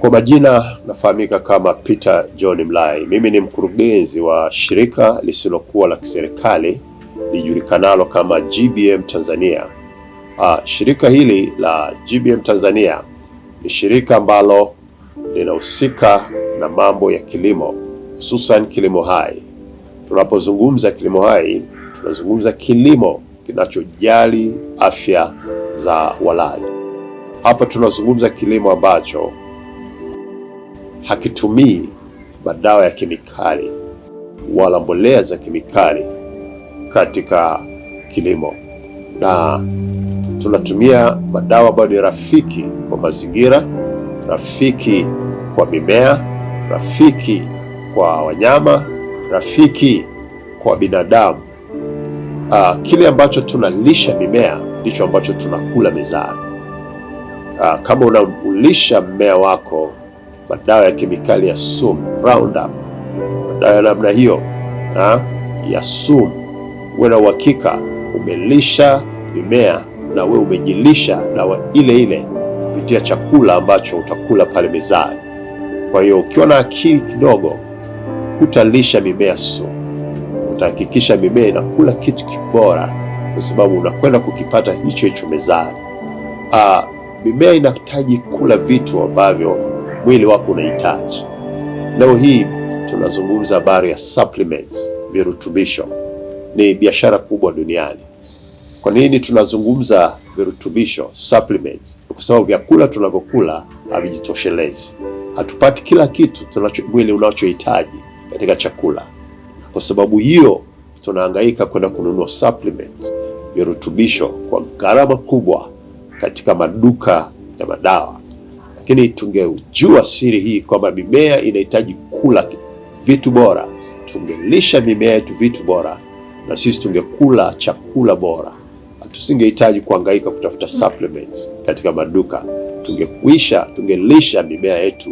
Kwa majina nafahamika kama Peter John Mlai. Mimi ni mkurugenzi wa shirika lisilokuwa la kiserikali lijulikanalo kama GBM Tanzania. Ah, shirika hili la GBM Tanzania ni shirika ambalo linahusika na mambo ya kilimo, hususan kilimo hai. Tunapozungumza kilimo hai, tunazungumza kilimo kinachojali afya za walaji. Hapa tunazungumza kilimo ambacho hakitumii madawa ya kemikali wala mbolea za kemikali katika kilimo, na tunatumia madawa ambayo ni rafiki kwa mazingira, rafiki kwa mimea, rafiki kwa wanyama, rafiki kwa binadamu. Aa, ah, kile ambacho tunalisha mimea ndicho ambacho tunakula mezani. Ah, kama unaulisha mmea wako madawa ya kemikali ya sumu Roundup, madawa ya namna hiyo ha? ya sumu. Uwe na uhakika umelisha mimea na we umejilisha dawa ile ile kupitia chakula ambacho utakula pale mezani. Kwa hiyo ukiwa na akili kidogo, hutalisha mimea sumu, utahakikisha mimea inakula kitu kibora, kwa sababu unakwenda kukipata hicho hicho mezani. Ah, mimea inahitaji kula vitu ambavyo mwili wako unahitaji. Leo hii tunazungumza habari ya supplements, virutubisho. Ni biashara kubwa duniani. Kwa nini tunazungumza virutubisho supplements? Kwa sababu vyakula tunavyokula havijitoshelezi, hatupati kila kitu tunacho, mwili unachohitaji katika chakula. Kwa sababu hiyo tunahangaika kwenda kununua supplements, virutubisho kwa gharama kubwa katika maduka ya madawa. Lakini tungejua siri hii kwamba mimea inahitaji kula vitu bora, tungelisha mimea yetu vitu bora, na sisi tungekula chakula bora. Tusingehitaji kuhangaika kutafuta supplements katika maduka, tungekuisha tungelisha mimea yetu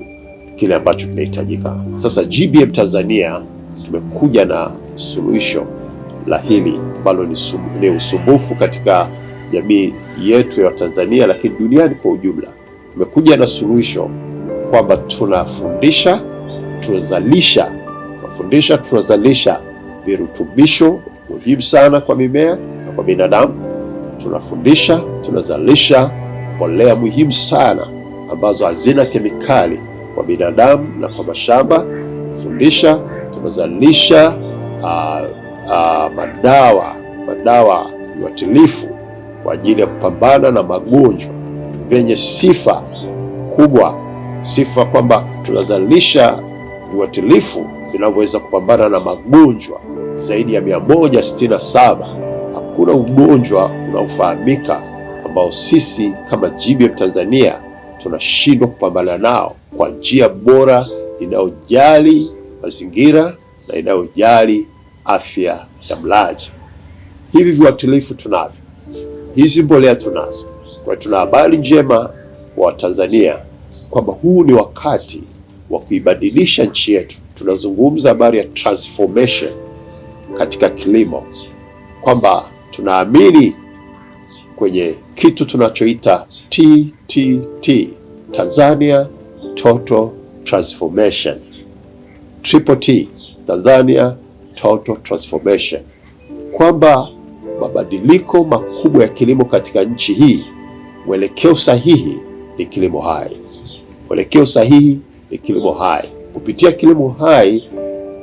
kile ambacho kinahitajika. Sasa GBM Tanzania tumekuja na suluhisho la hili ambalo ni usumbufu katika jamii yetu ya Tanzania, lakini duniani kwa ujumla tumekuja na suluhisho kwamba tunafundisha tunazalisha, tunafundisha tunazalisha virutubisho muhimu sana kwa mimea na kwa binadamu. Tunafundisha tunazalisha mbolea muhimu sana ambazo hazina kemikali kwa binadamu na kwa mashamba. Tunafundisha tunazalisha uh, uh, madawa madawa viuatilifu kwa ajili ya kupambana na magonjwa vyenye sifa kubwa, sifa kwamba tunazalisha viuatilifu vinavyoweza kupambana na magonjwa zaidi ya 167. Hakuna ugonjwa unaofahamika ambao sisi kama GBM Tanzania tunashindwa kupambana nao kwa njia bora inayojali mazingira na inayojali afya ya mlaji. Hivi viuatilifu tunavyo, hizi mbolea tunazo, kwa tuna habari njema wa Tanzania kwamba huu ni wakati wa kuibadilisha nchi yetu. Tunazungumza habari ya transformation katika kilimo, kwamba tunaamini kwenye kitu tunachoita TTT, Tanzania Total Transformation, Triple T, Tanzania Total Transformation, kwamba mabadiliko makubwa ya kilimo katika nchi hii, mwelekeo sahihi ni kilimo hai. Mwelekeo sahihi ni kilimo hai. Kupitia kilimo hai,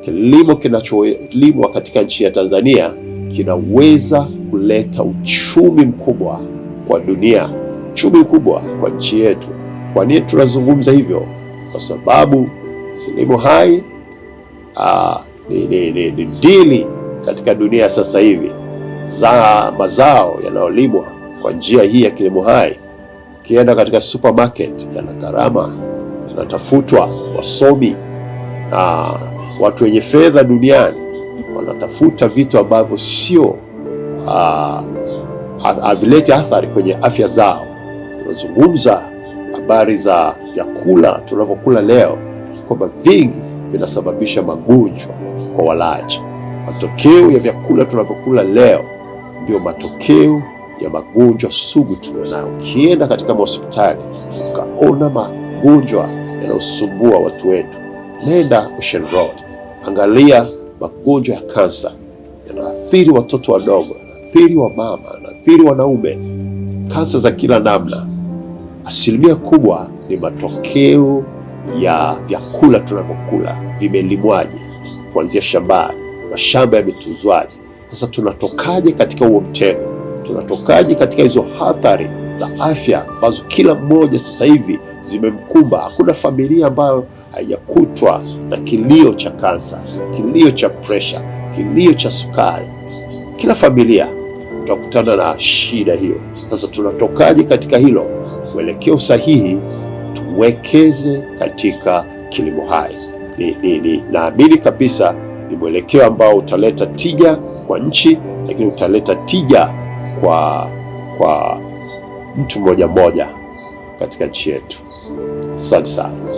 kilimo kinacholimwa katika nchi ya Tanzania kinaweza kuleta uchumi mkubwa kwa dunia, uchumi mkubwa kwa nchi yetu. Kwa nini tunazungumza hivyo? Kwa sababu kilimo hai aa, ni, ni, ni, ni dili katika dunia sasa hivi za mazao yanayolimwa kwa njia hii ya kilimo hai Ukienda katika supermarket yana gharama, yanatafutwa wasomi na watu wenye fedha duniani wanatafuta vitu ambavyo sio ah, havileti athari kwenye afya zao. Tunazungumza habari za vyakula tunavyokula leo, kwamba vingi vinasababisha magonjwa kwa walaji. Matokeo ya vyakula tunavyokula leo ndio matokeo ya magonjwa sugu tulionayo. Ukienda katika mahospitali ukaona magonjwa yanayosumbua watu wetu, nenda Ocean Road, angalia magonjwa ya kansa yanaathiri watoto wadogo, yanaathiri wamama, yanaathiri wanaume, kansa za kila namna. Asilimia kubwa ni matokeo ya vyakula tunavyokula, vimelimwaje kuanzia shambani, mashamba yametuzwaje? Sasa tunatokaje katika huo mtego? tunatokaje katika hizo athari za afya ambazo kila mmoja sasa hivi zimemkumba? Hakuna familia ambayo haijakutwa na kilio cha kansa, kilio cha presha, kilio cha sukari. Kila familia utakutana na shida hiyo. Sasa tunatokaje katika hilo? Mwelekeo sahihi tuwekeze katika kilimo hai. Ni, ni, ni, naamini kabisa ni mwelekeo ambao utaleta tija kwa nchi, lakini utaleta tija kwa, kwa mtu mmoja mmoja katika nchi yetu. Asante sana.